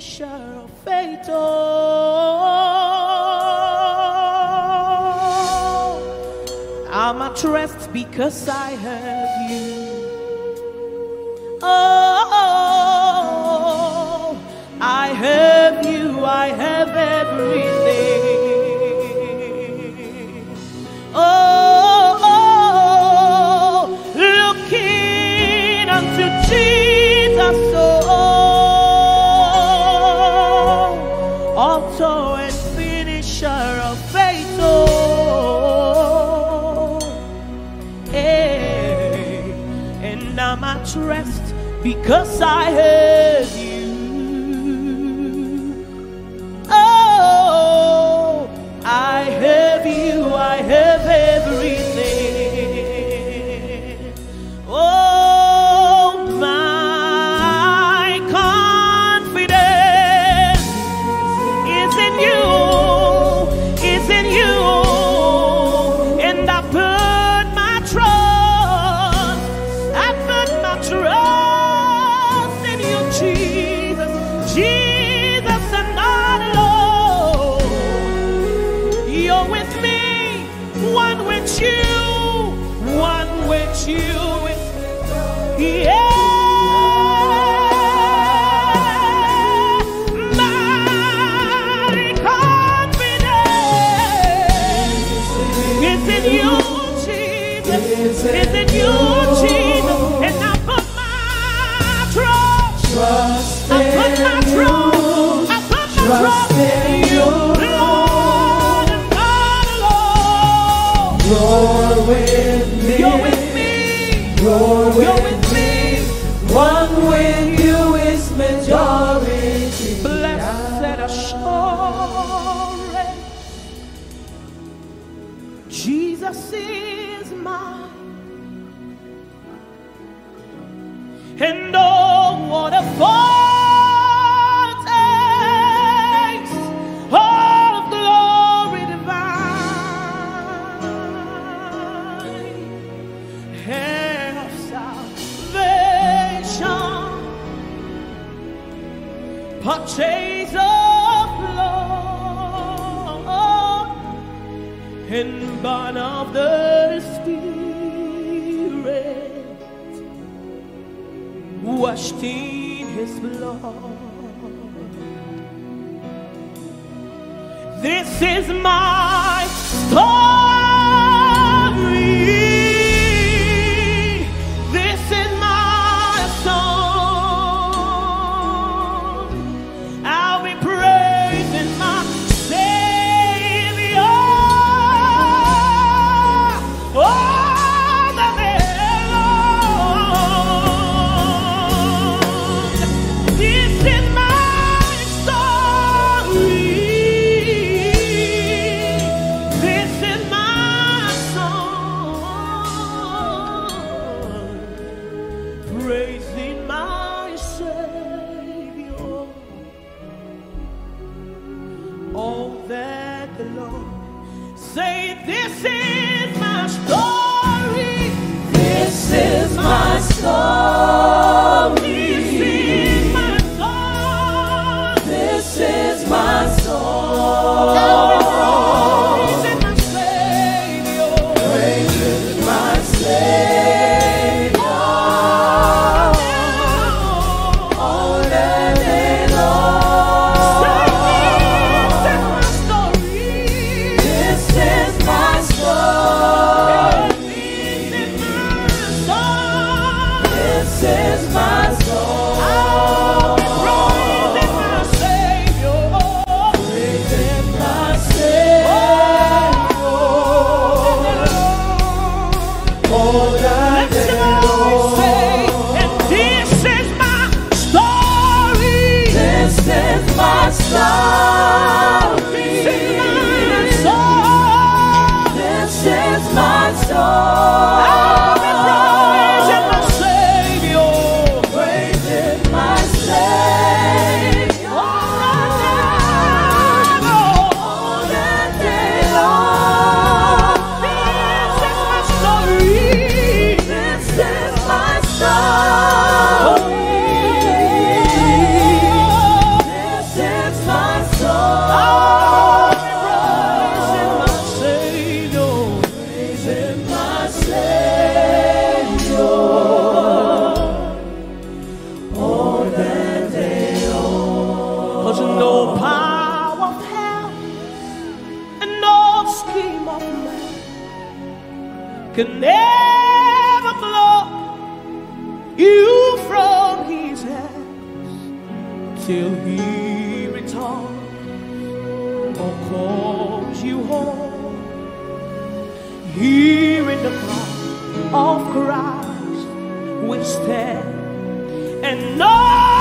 fisher of fate. Oh, I'm at rest because I have you. Oh, I have you, I have everything. because I have. You're with me. You're with me. you with, You're with me. me. One with you is majority. Blessed assurance. Jesus is mine. And oh, what a fall. and born of the Spirit, washed in His blood. This is my story. this is Oh, never pluck you from his hands till he returns or calls you home. Here in the cry of Christ we stand and know.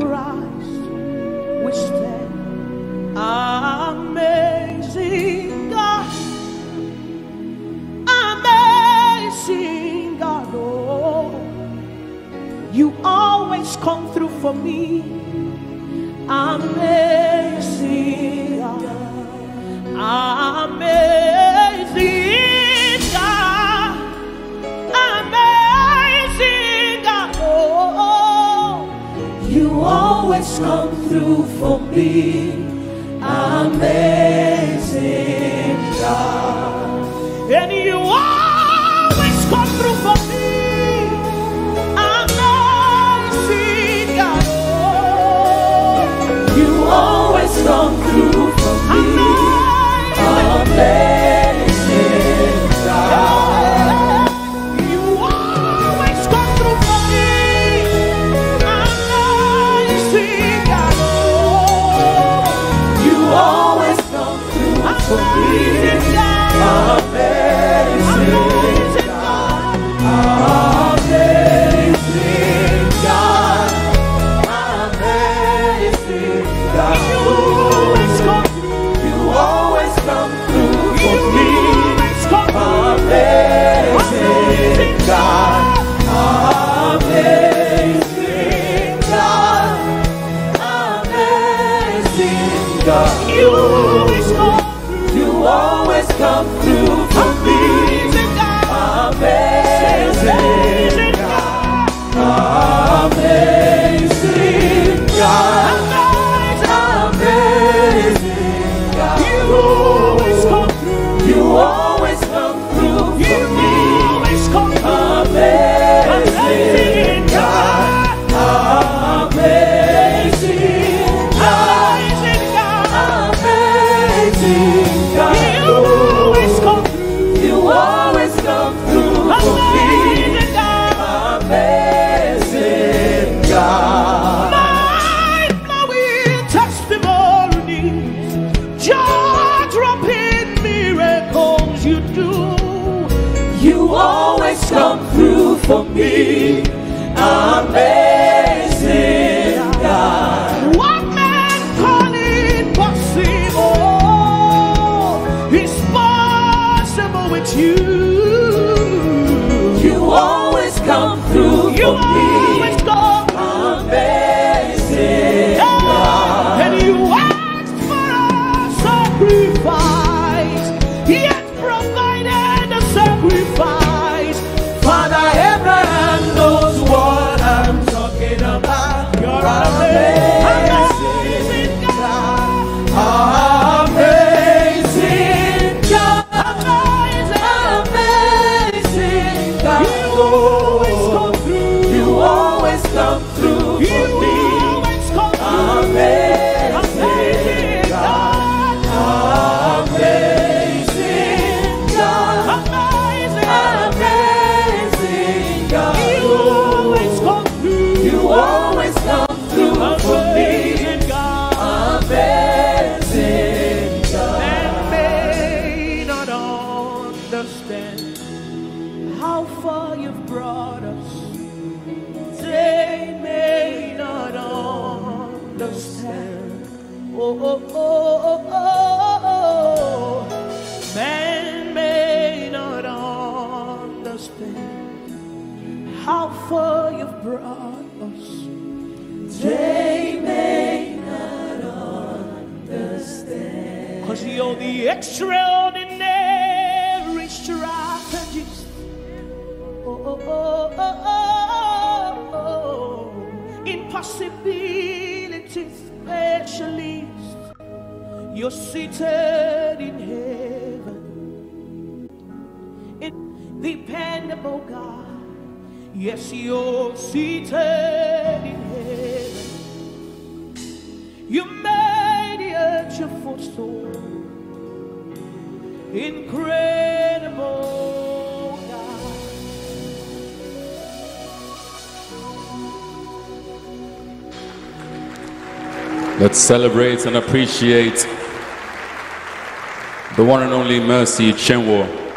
Christ, we stand amazing God, amazing God. Oh, you always come through for me, amazing God, amazing. come through for me. Amazing God. And you always come through for me. Oh. You. how far you've brought us. They may not understand. Cause you're the extraordinary strategist. Oh, oh, oh, oh, oh, oh. Impossibility specialist. You're seated in heaven. dependable God. Yes, you're seated in heaven. You made the earth your footstool. Incredible God. Let's celebrate and appreciate the one and only Mercy Chenwo.